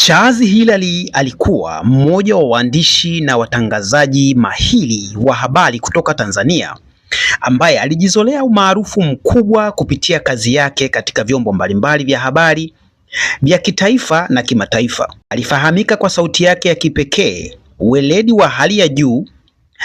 Charles Hilary alikuwa mmoja wa waandishi na watangazaji mahiri wa habari kutoka Tanzania ambaye alijizolea umaarufu mkubwa kupitia kazi yake katika vyombo mbalimbali vya habari vya kitaifa na kimataifa. Alifahamika kwa sauti yake ya kipekee, weledi wa hali ya juu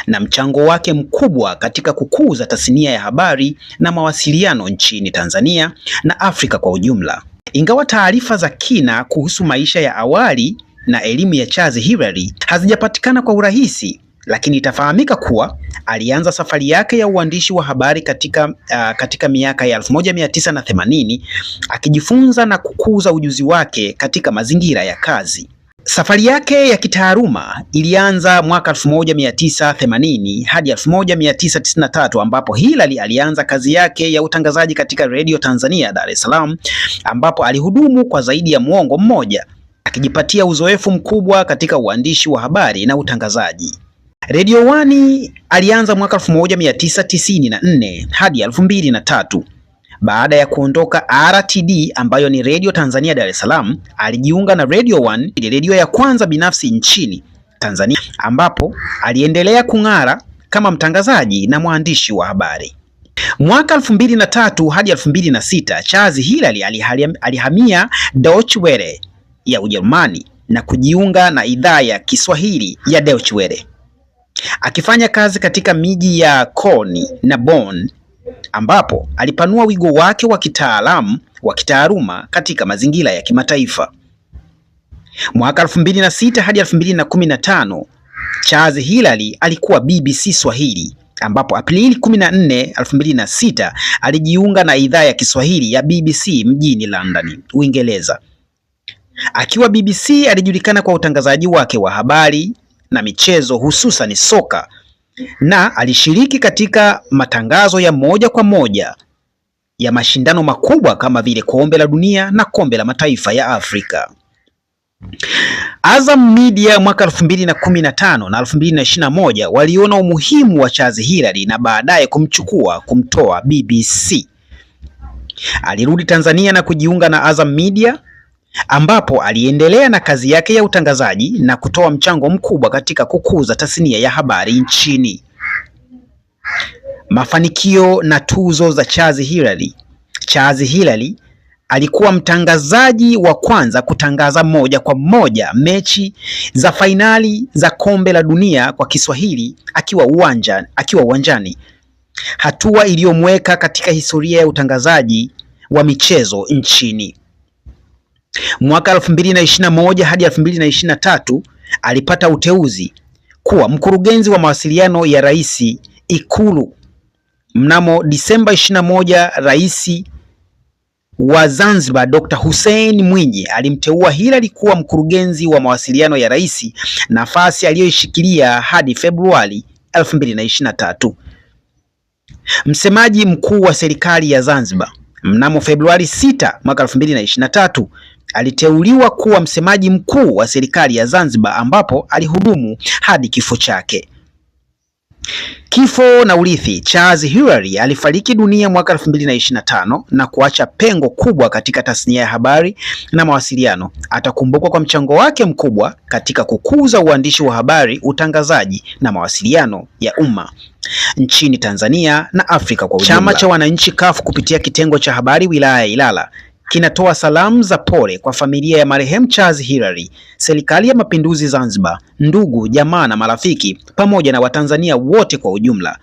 na mchango wake mkubwa katika kukuza tasnia ya habari na mawasiliano nchini Tanzania na Afrika kwa ujumla. Ingawa taarifa za kina kuhusu maisha ya awali na elimu ya Charles Hilary hazijapatikana kwa urahisi, lakini itafahamika kuwa alianza safari yake ya uandishi wa habari katika, uh, katika miaka ya 1980 akijifunza na kukuza ujuzi wake katika mazingira ya kazi. Safari yake ya kitaaluma ilianza mwaka 1980 hadi 1993 ambapo hilali alianza kazi yake ya utangazaji katika redio Tanzania Dar es Salaam, ambapo alihudumu kwa zaidi ya muongo mmoja akijipatia uzoefu mkubwa katika uandishi wa habari na utangazaji. Radio One alianza mwaka 1994 hadi 2003 baada ya kuondoka RTD ambayo ni Radio Tanzania Dar es Salaam, alijiunga na Radio One, ile redio ya kwanza binafsi nchini Tanzania, ambapo aliendelea kung'ara kama mtangazaji na mwandishi wa habari. Mwaka 2003 hadi 2006, Charles Hilary alihamia Deutsche Welle ya Ujerumani na kujiunga na idhaa ya Kiswahili ya Deutsche Welle akifanya kazi katika miji ya Koni na Bonn ambapo alipanua wigo wake wa kitaalamu wa kitaaluma katika mazingira ya kimataifa. Mwaka 2006 hadi 2015, Charles Hilary alikuwa BBC Swahili ambapo Aprili 14, 2006 alijiunga na idhaa ya Kiswahili ya BBC mjini London, Uingereza. Akiwa BBC alijulikana kwa utangazaji wake wa habari na michezo, hususan soka na alishiriki katika matangazo ya moja kwa moja ya mashindano makubwa kama vile kombe la dunia na kombe la mataifa ya Afrika. Azam Media mwaka 2015 na 2021 waliona umuhimu wa Chazi hilary na baadaye kumchukua kumtoa BBC. Alirudi Tanzania na kujiunga na Azam Media ambapo aliendelea na kazi yake ya utangazaji na kutoa mchango mkubwa katika kukuza tasnia ya habari nchini. Mafanikio na tuzo za Charles Hilary. Charles Hilary alikuwa mtangazaji wa kwanza kutangaza moja kwa moja mechi za fainali za kombe la dunia kwa Kiswahili akiwa uwanja, akiwa uwanjani, hatua iliyomweka katika historia ya utangazaji wa michezo nchini. Mwaka na moja hadi tatu alipata uteuzi kuwa mkurugenzi wa mawasiliano ya Rais Ikulu. Mnamo Disemba moja Rais wa Zanzibar Dr. Hussein Mwinyi alimteua Hilary kuwa mkurugenzi wa mawasiliano ya Rais, nafasi aliyoishikilia hadi Februari 2023. Msemaji mkuu wa serikali ya Zanzibar mnamo Februari 6 mwaka 2023 aliteuliwa kuwa msemaji mkuu wa serikali ya Zanzibar ambapo alihudumu hadi kifo chake. Kifo na urithi. Charles Hilary alifariki dunia mwaka 2025 na kuacha pengo kubwa katika tasnia ya habari na mawasiliano. Atakumbukwa kwa mchango wake mkubwa katika kukuza uandishi wa habari, utangazaji na mawasiliano ya umma nchini Tanzania na Afrika kwa ujumla. Chama cha Wananchi CUF kupitia kitengo cha habari wilaya ya Ilala kinatoa salamu za pole kwa familia ya marehemu Charles Hilary, serikali ya mapinduzi Zanzibar, ndugu, jamaa na marafiki pamoja na Watanzania wote kwa ujumla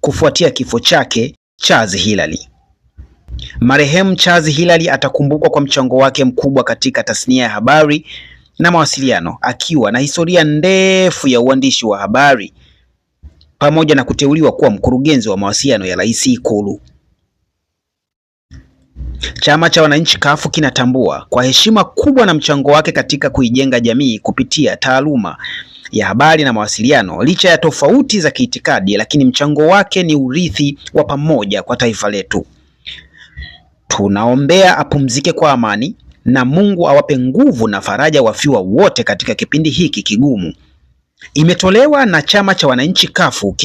kufuatia kifo chake Charles Hilary. Marehemu Charles Hilary atakumbukwa kwa mchango wake mkubwa katika tasnia ya habari na mawasiliano, akiwa na historia ndefu ya uandishi wa habari pamoja na kuteuliwa kuwa mkurugenzi wa mawasiliano ya Rais Ikulu. Chama cha Wananchi kafu kinatambua kwa heshima kubwa na mchango wake katika kuijenga jamii kupitia taaluma ya habari na mawasiliano. Licha ya tofauti za kiitikadi, lakini mchango wake ni urithi wa pamoja kwa taifa letu. Tunaombea apumzike kwa amani na Mungu awape nguvu na faraja wafiwa wote katika kipindi hiki kigumu. Imetolewa na Chama cha Wananchi kafu